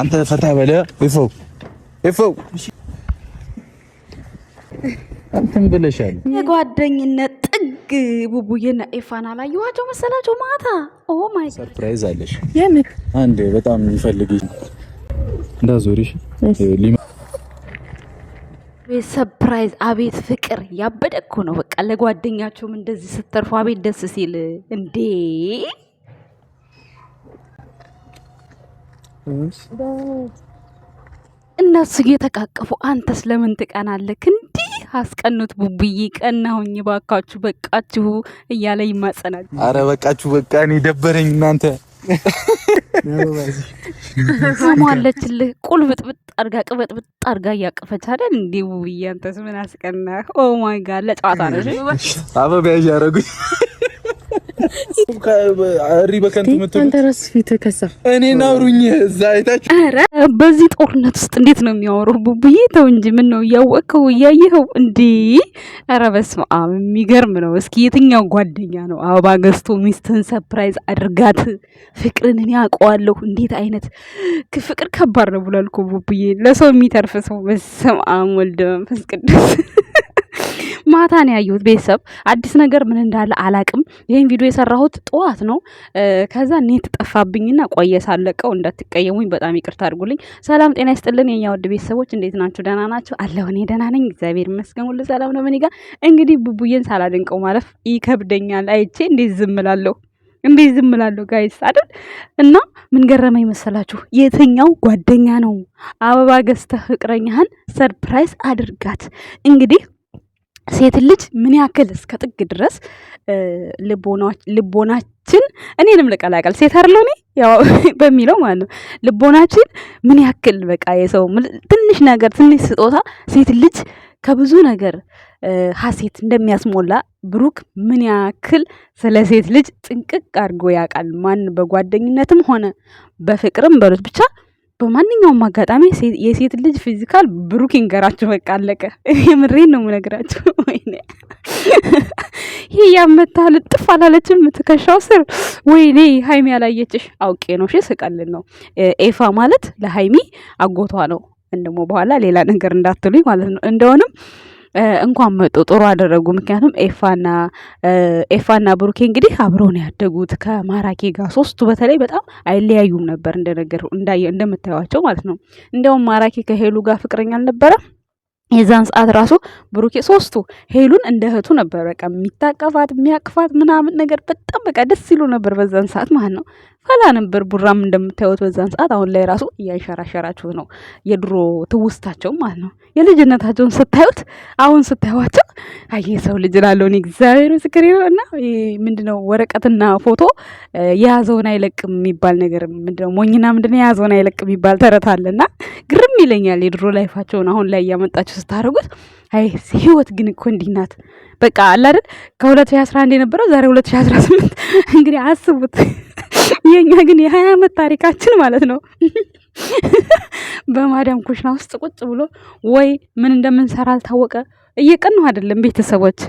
አንተ ፈታ በለ ይፎ ይፎ አንተም ብለሻል። የጓደኝነት ጥግ ቡቡዬና ኤፋን አላየኋቸው መሰላቸው ማታ። ኦ ማይ ሰርፕራይዝ አለሽ። የምን አንድ በጣም የሚፈልግሽ እንዳዞሪሽ ሰርፕራይዝ። አቤት ፍቅር ያበደ እኮ ነው። በቃ ለጓደኛቸውም እንደዚህ ስተርፎ አቤት ደስ ሲል እንዴ እነሱ እየተቃቀፉ አንተስ ለምን ትቀናለህ? እንዲህ አስቀኑት ቡቡዬ፣ ቀናሁኝ ባካችሁ፣ በቃችሁ እያለ ይማጸናል። አረ በቃችሁ፣ በቃ እኔ ደበረኝ እናንተ ሰሟለችልህ ቁል ብጥብጥ አርጋ ቅበጥብጥ አርጋ እያቀፈች አይደል እንዲ ቡቡዬ አንተስ ምን አስቀናህ? ኦ ማይ ጋድ ለጨዋታ ነው አበቢያ እያረጉኝ በዚህ ጦርነት ውስጥ እንዴት ነው የሚያወራው? ቡቡዬ ተው እንጂ ምን ነው እያወቅኸው እያየኸው እንዴ? ኧረ በስመ አብ የሚገርም ነው። እስኪ የትኛው ጓደኛ ነው አበባ ገዝቶ ሚስትን ሰፕራይዝ አድርጋት? ፍቅርን እኔ አውቀዋለሁ። እንዴት አይነት ፍቅር ከባድ ነው ብሏል እኮ ቡቡዬ። ለሰው የሚተርፍ ሰው በስመ አብ ወልድ መንፈስ ቅዱስ ማታ ነው ያየሁት። ቤተሰብ አዲስ ነገር ምን እንዳለ አላቅም። ይህን ቪዲዮ የሰራሁት ጠዋት ነው። ከዛ ኔት ጠፋብኝና ቆየ ሳለቀው፣ እንዳትቀየሙኝ በጣም ይቅርታ አድርጉልኝ። ሰላም ጤና ይስጥልን የኛ ውድ ቤተሰቦች እንዴት ናችሁ? ደህና ናችሁ? አለሁ እኔ ደህና ነኝ፣ እግዚአብሔር ይመስገን፣ ሁሉ ሰላም ነው። ምን ይጋ እንግዲህ ቡቡዬን ሳላደንቀው ማለፍ ይከብደኛል። አይቼ እንዴት ዝም እላለሁ እንዴት ዝም እላለሁ ጋይስ አይደል? እና ምን ገረመኝ መሰላችሁ? የትኛው ጓደኛ ነው አበባ ገዝተህ ፍቅረኛህን ሰርፕራይዝ አድርጋት። እንግዲህ ሴት ልጅ ምን ያክል እስከ ጥግ ድረስ ልቦናችን እኔንም ልቀላቀል ሴት አርሎ እኔ ያው በሚለው ማለት ነው። ልቦናችን ምን ያክል በቃ የሰው ትንሽ ነገር ትንሽ ስጦታ ሴት ልጅ ከብዙ ነገር ሀሴት እንደሚያስሞላ ብሩክ ምን ያክል ስለ ሴት ልጅ ጥንቅቅ አድርጎ ያውቃል። ማን በጓደኝነትም ሆነ በፍቅርም በሉት ብቻ በማንኛውም አጋጣሚ የሴት ልጅ ፊዚካል ብሩክ ይንገራችሁ። በቃ አለቀ። የምሬን ነው የምነግራችሁ። ወይኔ ይሄ ያመታ ልጥፍ አላለችም የምትከሻው ስር። ወይኔ ሀይሚ ያላየችሽ አውቄ ነው። እሺ ስቀልን ነው። ኤፋ ማለት ለሀይሚ አጎቷ ነው። እንደሞ በኋላ ሌላ ነገር እንዳትሉኝ ማለት ነው እንደሆንም እንኳን መጡ ጥሩ አደረጉ። ምክንያቱም ኤፋና ኤፋና ብሩኬ እንግዲህ አብረው ነው ያደጉት ከማራኪ ጋር ሶስቱ በተለይ በጣም አይለያዩም ነበር እንደነገር እንዳየ እንደምታዩቸው ማለት ነው። እንዲያውም ማራኪ ከሄሉ ጋር ፍቅረኛ አልነበረም። የዛን ሰዓት ራሱ ብሩኬ ሶስቱ ሄሉን እንደ እህቱ ነበር በቃ የሚታቀፋት የሚያቅፋት ምናምን ነገር በጣም በቃ ደስ ይሉ ነበር በዛን ሰዓት ማለት ነው። ፈላ ነበር። ቡራም እንደምታዩት በዛን ሰዓት አሁን ላይ ራሱ እያንሸራሸራችሁ ነው፣ የድሮ ትውስታቸው ማለት ነው። የልጅነታቸውን ስታዩት አሁን ስታዩቸው አይ ሰው ልጅ ላለውን እግዚአብሔር ምስክር ይሆ እና ምንድነው ወረቀትና ፎቶ የያዘውን አይለቅም የሚባል ነገር ምንድነው፣ ሞኝና ምንድነው የያዘውን አይለቅም የሚባል ተረት አለና ግርም ይለኛል። የድሮ ላይፋቸውን አሁን ላይ እያመጣችሁ ስታደርጉት አይ ህይወት ግን እኮ እንዲህ ናት። በቃ አለ አይደል ከ2011 የነበረው ዛሬ 2018 እንግዲህ አስቡት። የኛ ግን የ20 ዓመት ታሪካችን ማለት ነው በማዳም ኩሽና ውስጥ ቁጭ ብሎ ወይ ምን እንደምንሰራ አልታወቀ። እየቀን ነው አይደለም ቤተሰቦች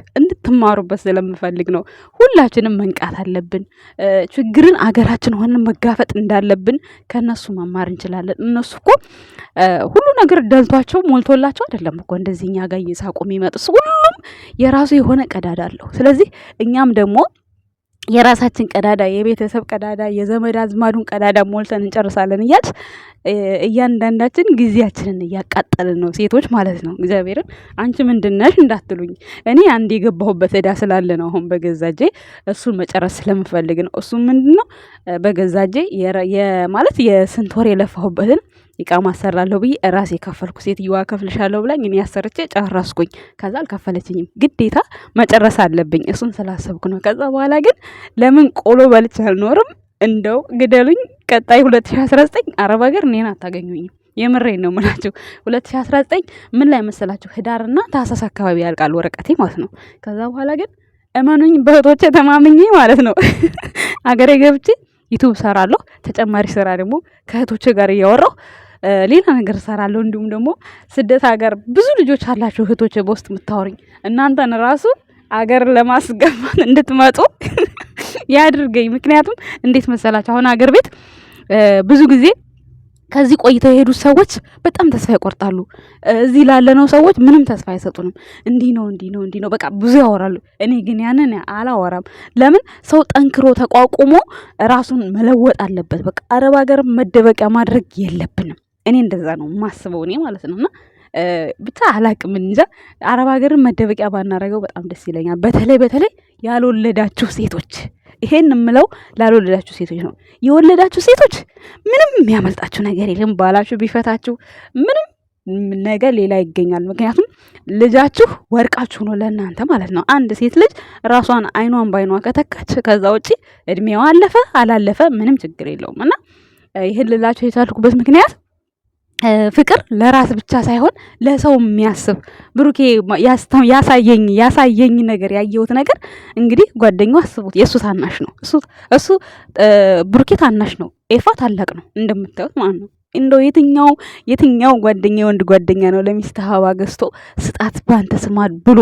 እንድትማሩበት ስለምፈልግ ነው። ሁላችንም መንቃት አለብን። ችግርን አገራችን ሆነን መጋፈጥ እንዳለብን ከእነሱ መማር እንችላለን። እነሱ እኮ ሁሉ ነገር ደልቷቸው ሞልቶላቸው አይደለም እኮ እንደዚህ እኛ ጋር እየሳቁ የሚመጡት። ሁሉም የራሱ የሆነ ቀዳዳ አለው። ስለዚህ እኛም ደግሞ የራሳችን ቀዳዳ፣ የቤተሰብ ቀዳዳ፣ የዘመድ አዝማዱን ቀዳዳ ሞልተን እንጨርሳለን እያልሽ እያንዳንዳችን ጊዜያችንን እያቃጠልን ነው፣ ሴቶች ማለት ነው። እግዚአብሔርን አንቺ ምንድነሽ እንዳትሉኝ፣ እኔ አንድ የገባሁበት እዳ ስላለ ነው። አሁን በገዛ እሱን መጨረስ ስለምፈልግ ነው። እሱም ምንድን ነው በገዛ ማለት የስንት ወር የለፋሁበትን እቃ ማሰራለሁ ብዬ ራሴ የከፈልኩ ሴትዮዋ ከፍልሻለሁ ብላኝ እኔ ያሰርቼ ጨረስኩኝ። ከዛ አልከፈለችኝም። ግዴታ መጨረስ አለብኝ። እሱን ስላሰብኩ ነው። ከዛ በኋላ ግን ለምን ቆሎ በልቼ አልኖርም? እንደው ግደሉኝ ቀጣይ 2019 አረብ ሀገር እኔን አታገኙኝም። የምሬን ነው ምላችሁ። 2019 ምን ላይ መሰላችሁ? ህዳርና ታህሳስ አካባቢ ያልቃል ወረቀቴ ማለት ነው። ከዛ በኋላ ግን እመኑኝ በእህቶቼ ተማምኜ ማለት ነው አገሬ ገብቼ ዩቱብ ሰራለሁ። ተጨማሪ ስራ ደግሞ ከእህቶች ጋር እያወራሁ ሌላ ነገር ሰራለሁ። እንዲሁም ደግሞ ስደት ሀገር ብዙ ልጆች አላችሁ እህቶቼ በውስጥ የምታወሩኝ እናንተን ራሱ አገር ለማስገባት እንድትመጡ ያድርገኝ። ምክንያቱም እንዴት መሰላችሁ አሁን አገር ቤት ብዙ ጊዜ ከዚህ ቆይተው የሄዱት ሰዎች በጣም ተስፋ ይቆርጣሉ። እዚህ ላለነው ሰዎች ምንም ተስፋ አይሰጡንም። እንዲህ ነው እንዲህ ነው እንዲህ ነው በቃ ብዙ ያወራሉ። እኔ ግን ያንን አላወራም። ለምን ሰው ጠንክሮ ተቋቁሞ ራሱን መለወጥ አለበት። በቃ አረብ ሀገር መደበቂያ ማድረግ የለብንም። እኔ እንደዛ ነው ማስበው እኔ ማለት ነውና ብቻ አላቅም እንጃ አረብ ሀገርን መደበቂያ ባናረገው በጣም ደስ ይለኛል። በተለይ በተለይ ያልወለዳችሁ ሴቶች ይሄን የምለው ላልወለዳችሁ ሴቶች ነው። የወለዳችሁ ሴቶች ምንም የሚያመልጣችሁ ነገር የለም። ባላችሁ ቢፈታችሁ ምንም ነገር ሌላ ይገኛል። ምክንያቱም ልጃችሁ ወርቃችሁ ነው ለእናንተ ማለት ነው። አንድ ሴት ልጅ ራሷን አይኗን ባይኗ ከተካች ከዛ ውጪ እድሜዋ አለፈ አላለፈ ምንም ችግር የለውም እና ይህን ልላችሁ የቻልኩበት ምክንያት ፍቅር ለራስ ብቻ ሳይሆን ለሰው የሚያስብ ብሩኬ ያሳየኝ ያሳየኝ ነገር ያየሁት ነገር እንግዲህ ጓደኛው አስቡት። የእሱ ታናሽ ነው እሱ ብሩኬ ታናሽ ነው፣ ኤፋ ታላቅ ነው እንደምታዩት ማለት ነው። እንደው የትኛው የትኛው ጓደኛ የወንድ ጓደኛ ነው ለሚስት ሀባ ገዝቶ ስጣት ባንተ ስማት ብሎ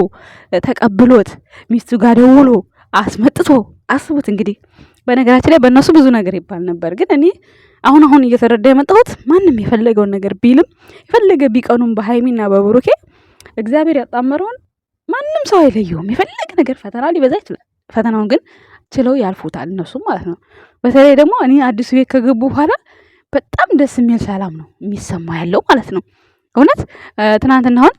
ተቀብሎት ሚስቱ ጋር ደውሎ አስመጥቶ አስቡት እንግዲህ በነገራችን ላይ በእነሱ ብዙ ነገር ይባል ነበር፣ ግን እኔ አሁን አሁን እየተረዳ የመጣሁት ማንም የፈለገውን ነገር ቢልም የፈለገ ቢቀኑም በሀይሚና በብሩኬ እግዚአብሔር ያጣመረውን ማንም ሰው አይለየውም። የፈለገ ነገር ፈተና ሊበዛ ይችላል። ፈተናውን ግን ችለው ያልፉታል እነሱ ማለት ነው። በተለይ ደግሞ እኔ አዲሱ ቤት ከገቡ በኋላ በጣም ደስ የሚል ሰላም ነው የሚሰማ ያለው ማለት ነው። እውነት ትናንትና አሁን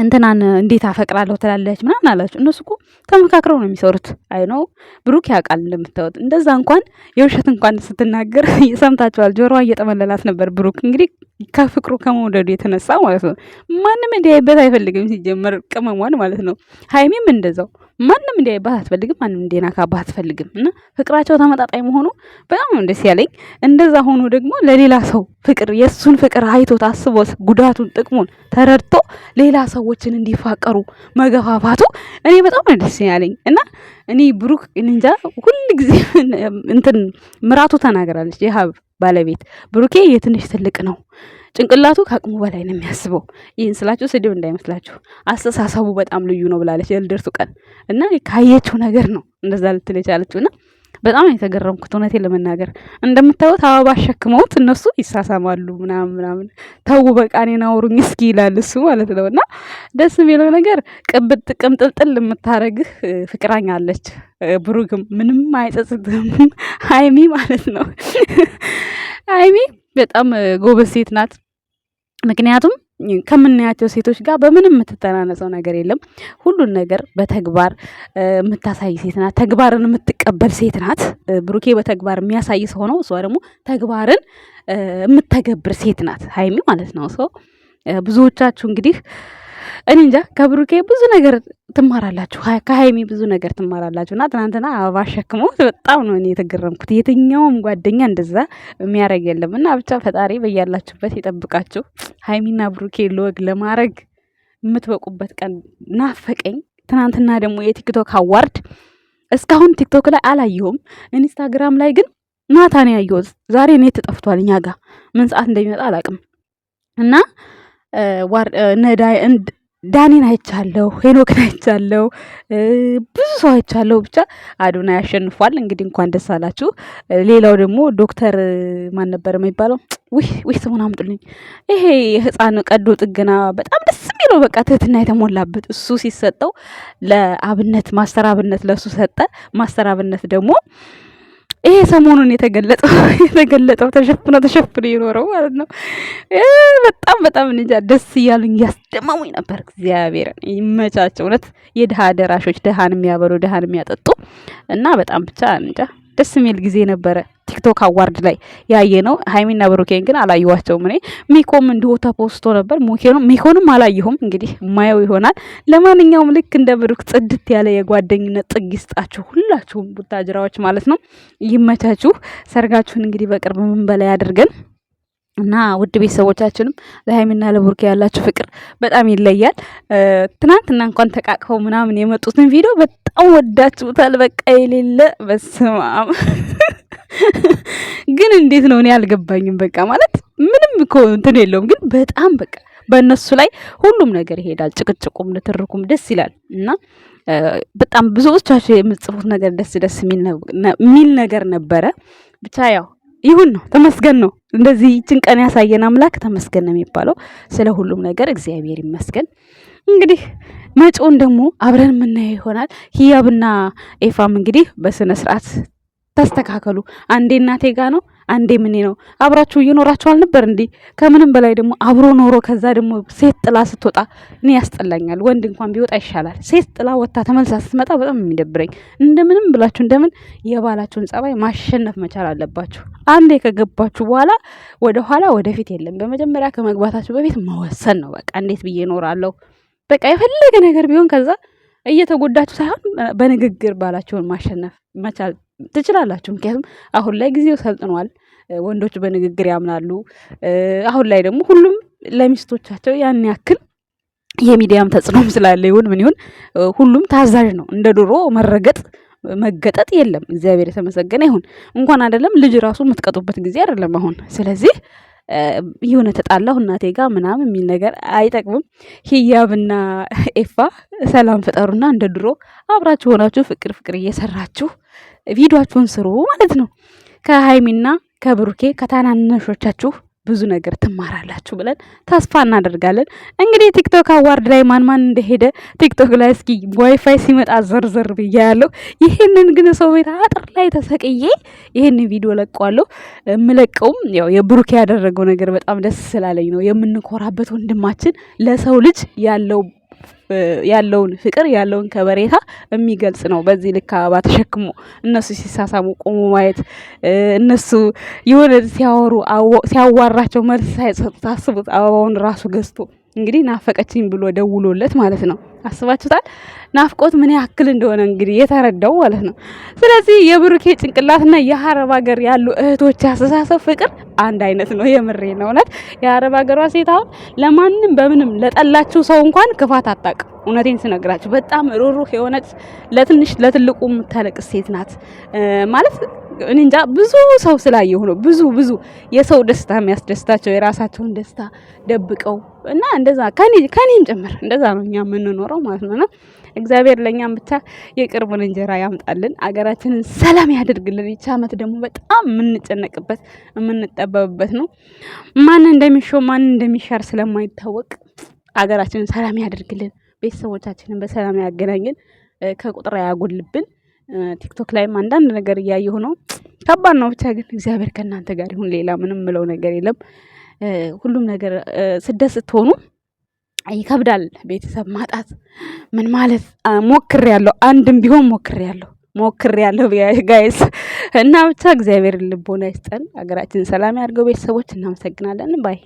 እንትናን እንዴት አፈቅራለሁ ትላለች ምናምን አላችሁ። እነሱ እኮ ተመካክረው ነው የሚሰሩት። አይ ነው ብሩክ ያውቃል እንደምታወጥ እንደዛ እንኳን የውሸት እንኳን ስትናገር ሰምታችኋል። ጆሮዋ እየጠመለላት ነበር። ብሩክ እንግዲህ ከፍቅሩ ከመውደዱ የተነሳ ማለት ነው ማንም እንዲያይበት አይፈልግም። ሲጀመር ቅመሟን ማለት ነው። ሀይሚም እንደዛው ማንም እንዲያይባት አትፈልግም። ማንም እንዲናካባት አትፈልግም። እና ፍቅራቸው ተመጣጣኝ መሆኑ በጣም ነው ደስ ያለኝ። እንደዛ ሆኖ ደግሞ ለሌላ ሰው ፍቅር የእሱን ፍቅር አይቶ ታስቦት ጉዳቱን ጥቅሙን ተረድቶ ሌላ ሰው ሰዎችን እንዲፋቀሩ መገፋፋቱ እኔ በጣም ነው ደስ ያለኝ። እና እኔ ብሩክ እንጃ ሁል ጊዜ እንትን ምራቱ ተናግራለች፣ የሀብ ባለቤት ብሩኬ የትንሽ ትልቅ ነው ጭንቅላቱ ከአቅሙ በላይ ነው የሚያስበው። ይህን ስላችሁ ስድብ እንዳይመስላችሁ፣ አስተሳሰቡ በጣም ልዩ ነው ብላለች የልደርሱ ቀን እና ካየችው ነገር ነው እንደዛ ልትል የቻለችው እና በጣም የተገረምኩት። እውነቴን ለመናገር እንደምታዩት አበባ ሸክመውት እነሱ ይሳሳማሉ ምናምን ምናምን። ተው በቃ እኔን አውሩኝ እስኪ ይላል እሱ ማለት ነው። እና ደስ የሚለው ነገር ቅብጥ ቅምጥልጥል የምታረግህ ፍቅረኛ አለች። ብሩግም ምንም አይጸጽትም ሀይሚ ማለት ነው። ሀይሚ በጣም ጎበዝ ሴት ናት። ምክንያቱም ከምናያቸው ሴቶች ጋር በምንም የምትተናነሰው ነገር የለም። ሁሉን ነገር በተግባር የምታሳይ ሴት ናት። ተግባርን የምትቀበል ሴት ናት። ብሩኬ በተግባር የሚያሳይ ሰው ነው። እሷ ደግሞ ተግባርን የምተገብር ሴት ናት ሀይሚ ማለት ነው። ሰው ብዙዎቻችሁ እንግዲህ እኔ እንጃ ከብሩኬ ብዙ ነገር ትማራላችሁ፣ ከሀይሚ ብዙ ነገር ትማራላችሁ። እና ትናንትና አበባ አሸክሞ በጣም ነው እኔ የተገረምኩት። የትኛውም ጓደኛ እንደዛ የሚያደርግ የለም። እና ብቻ ፈጣሪ በያላችሁበት ይጠብቃችሁ። ሀይሚና ብሩኬ ለወግ ለማድረግ የምትበቁበት ቀን ናፈቀኝ። ትናንትና ደግሞ የቲክቶክ አዋርድ እስካሁን ቲክቶክ ላይ አላየሁም። ኢንስታግራም ላይ ግን ማታ ነው ያየሁት። ዛሬ እኔ ተጠፍቷል። እኛ ጋ ምን ሰዓት እንደሚመጣ አላውቅም እና ዳኒን አይቻለሁ፣ ሄኖክን አይቻለሁ፣ ብዙ ሰው አይቻለሁ። ብቻ አዶናይ ያሸንፏል። እንግዲህ እንኳን ደስ አላችሁ። ሌላው ደግሞ ዶክተር ማን ነበር የሚባለው? ውይ ስሙን አምጡልኝ። ይሄ ህፃን ቀዶ ጥገና በጣም ደስ የሚለው በቃ ትህትና የተሞላበት እሱ ሲሰጠው ለአብነት ማስተር አብነት ለእሱ ሰጠ። ማስተር አብነት ደግሞ ይሄ ሰሞኑን የተገለጠው የተገለጠው ተሸፍኖ ተሸፍኖ የኖረው ማለት ነው። በጣም በጣም እንጃ ደስ እያሉኝ ያስደመሙኝ ነበር። እግዚአብሔርን ይመቻቸው። እውነት የድሃ ደራሾች ድሃን የሚያበሉ ድሃን የሚያጠጡ እና በጣም ብቻ እንጃ ደስ የሚል ጊዜ ነበረ። ቲክቶክ አዋርድ ላይ ያየ ነው። ሀይሚና ብሩኬን ግን አላየኋቸውም። እኔ ሚኮም እንዲሁ ተፖስቶ ነበር። ሚኮንም አላየሁም። እንግዲህ ማየው ይሆናል። ለማንኛውም ልክ እንደ ብሩክ ጽድት ያለ የጓደኝነት ጥግ ይስጣችሁ፣ ሁላችሁም ቡታጅራዎች ማለት ነው። ይመቻችሁ። ሰርጋችሁን እንግዲህ በቅርብ ምን በላይ አድርገን እና ውድ ቤተሰቦቻችንም ለሀይሚና ለቡርኬ ያላችሁ ፍቅር በጣም ይለያል። ትናንትና እንኳን ተቃቅፈው ምናምን የመጡትን ቪዲዮ በጣም ወዳችሁታል። በቃ የሌለ በስማም ግን እንዴት ነው እኔ አልገባኝም። በቃ ማለት ምንም እኮ እንትን የለውም፣ ግን በጣም በቃ በእነሱ ላይ ሁሉም ነገር ይሄዳል። ጭቅጭቁም ንትርኩም ደስ ይላል እና በጣም ብዙዎቻችሁ የምጽፉት ነገር ደስ ደስ የሚል ነገር ነበረ ብቻ ያው ይሁን ነው፣ ተመስገን ነው። እንደዚህ ይችን ቀን ያሳየን አምላክ ተመስገን ነው የሚባለው። ስለ ሁሉም ነገር እግዚአብሔር ይመስገን። እንግዲህ መጪውን ደግሞ አብረን የምናየው ይሆናል። ሂያብና ኤፋም እንግዲህ በስነ ስርዓት ተስተካከሉ። አንዴ እናቴ ጋ ነው አንዴ ምኔ ነው አብራችሁ እየኖራችሁ አልነበር እንዴ? ከምንም በላይ ደግሞ አብሮ ኖሮ ከዛ ደግሞ ሴት ጥላ ስትወጣ እኔ ያስጠላኛል። ወንድ እንኳን ቢወጣ ይሻላል። ሴት ጥላ ወጥታ ተመልሳ ስትመጣ በጣም የሚደብረኝ። እንደምንም ብላችሁ እንደምን የባላችሁን ጸባይ ማሸነፍ መቻል አለባችሁ። አንዴ ከገባችሁ በኋላ ወደኋላ ወደፊት የለም። በመጀመሪያ ከመግባታችሁ በፊት መወሰን ነው። በቃ እንዴት ብዬ እኖራለሁ። በቃ የፈለገ ነገር ቢሆን ከዛ እየተጎዳችሁ ሳይሆን በንግግር ባላችሁን ማሸነፍ መቻል ትችላላችሁ። ምክንያቱም አሁን ላይ ጊዜው ሰልጥኗል። ወንዶች በንግግር ያምናሉ። አሁን ላይ ደግሞ ሁሉም ለሚስቶቻቸው ያን ያክል የሚዲያም ተጽዕኖም ስላለ ይሁን ምን ይሁን ሁሉም ታዛዥ ነው። እንደ ድሮ መረገጥ መገጠጥ የለም። እግዚአብሔር የተመሰገነ ይሁን። እንኳን አይደለም ልጅ ራሱ የምትቀጡበት ጊዜ አይደለም አሁን። ስለዚህ የሆነ ተጣላሁ እናቴ ጋር ምናምን የሚል ነገር አይጠቅምም። ሂያብና ኤፋ ሰላም ፍጠሩና እንደ ድሮ አብራችሁ ሆናችሁ ፍቅር ፍቅር እየሰራችሁ ቪዲዮችሁን ስሩ ማለት ነው። ከሀይሚና ከብሩኬ ከታናናሾቻችሁ ብዙ ነገር ትማራላችሁ ብለን ተስፋ እናደርጋለን። እንግዲህ ቲክቶክ አዋርድ ላይ ማን ማን እንደሄደ ቲክቶክ ላይ እስኪ ዋይፋይ ሲመጣ ዘርዘር ብዬ ያለሁ። ይህንን ግን ሰው ቤት አጥር ላይ ተሰቅዬ ይህን ቪዲዮ ለቀዋለሁ። የምለቀውም ያው የብሩኬ ያደረገው ነገር በጣም ደስ ስላለኝ ነው። የምንኮራበት ወንድማችን ለሰው ልጅ ያለው ያለውን ፍቅር ያለውን ከበሬታ የሚገልጽ ነው። በዚህ ልክ አበባ ተሸክሞ እነሱ ሲሳሳሙ ቆሞ ማየት እነሱ የሆነ ሲያወሩ ሲያዋራቸው መልስ ታስቡት፣ አበባውን ራሱ ገዝቶ እንግዲህ ናፈቀችኝ ብሎ ደውሎለት ማለት ነው። አስባችሁታል? ናፍቆት ምን ያክል እንደሆነ እንግዲህ የተረዳው ማለት ነው። ስለዚህ የብሩኬ ጭንቅላትና የአረብ ሀገር ያሉ እህቶች አስተሳሰብ ፍቅር አንድ አይነት ነው። የምሬ ነው። እውነት የአረብ ሀገሯ ሴት አሁን ለማንም በምንም ለጠላችው ሰው እንኳን ክፋት አጣቅ። እውነቴን ስነግራችሁ በጣም ሩሩህ የሆነች ለትንሽ ለትልቁ የምታለቅ ሴት ናት ማለት እኔ እንጃ ብዙ ሰው ስላየሁ ነው። ብዙ ብዙ የሰው ደስታ የሚያስደስታቸው የራሳቸውን ደስታ ደብቀው እና እንደዛ ከኔም ጭምር እንደዛ ነው እኛ የምንኖረው ማለት ነው። እግዚአብሔር ለእኛም ብቻ የቅርቡን እንጀራ ያምጣልን፣ አገራችንን ሰላም ያደርግልን። ይቺ ዓመት ደግሞ በጣም የምንጨነቅበት የምንጠበብበት ነው። ማን እንደሚሾም ማን እንደሚሻር ስለማይታወቅ አገራችንን ሰላም ያደርግልን፣ ቤተሰቦቻችንን በሰላም ያገናኝን፣ ከቁጥር ያጎልብን። ቲክቶክ ላይም አንዳንድ ነገር እያየሁ ነው። ከባድ ነው ብቻ ግን እግዚአብሔር ከእናንተ ጋር ይሁን። ሌላ ምንም ምለው ነገር የለም። ሁሉም ነገር ስደት ስትሆኑ ይከብዳል። ቤተሰብ ማጣት ምን ማለት ሞክር ያለው አንድም ቢሆን ሞክር ያለው ሞክር ያለው ጋይስ እና ብቻ እግዚአብሔር ልቦና ይስጠን፣ ሀገራችን ሰላም ያድርገው። ቤተሰቦች እናመሰግናለን። ባይ